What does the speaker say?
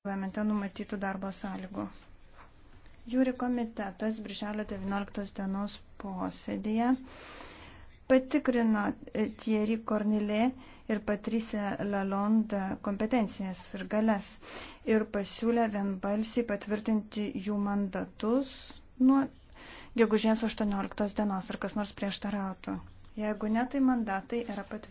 parlamente numatytų darbo sąlygų. Jūri komitetas birželio 19 dienos posėdėje patikrino e, Thierry Cornilė ir Patricia Lalonde kompetencijas ir galės ir pasiūlė vienbalsiai patvirtinti jų mandatus nuo gegužės 18 dienos, ar kas nors prieštarautų. Jeigu ne, tai mandatai yra patvirtinti.